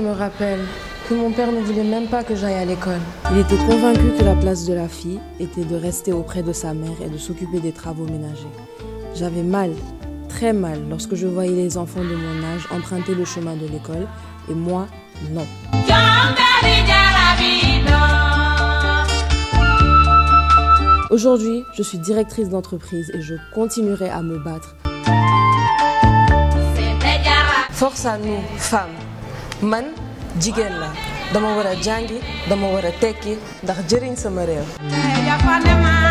je me rappelle que mon père ne voulait même pas que j'aille à l'école. Il était convaincu que la place de la fille était de rester auprès de sa mère et de s'occuper des travaux ménagers. J'avais mal, très mal, lorsque je voyais les enfants de mon âge emprunter le chemin de l'école, et moi, non. Aujourd'hui, je suis directrice d'entreprise et je continuerai à me battre. Force à nous, femmes. man jigéen la dama war a jàngi dama war a tekki ndax jëriñ sama réew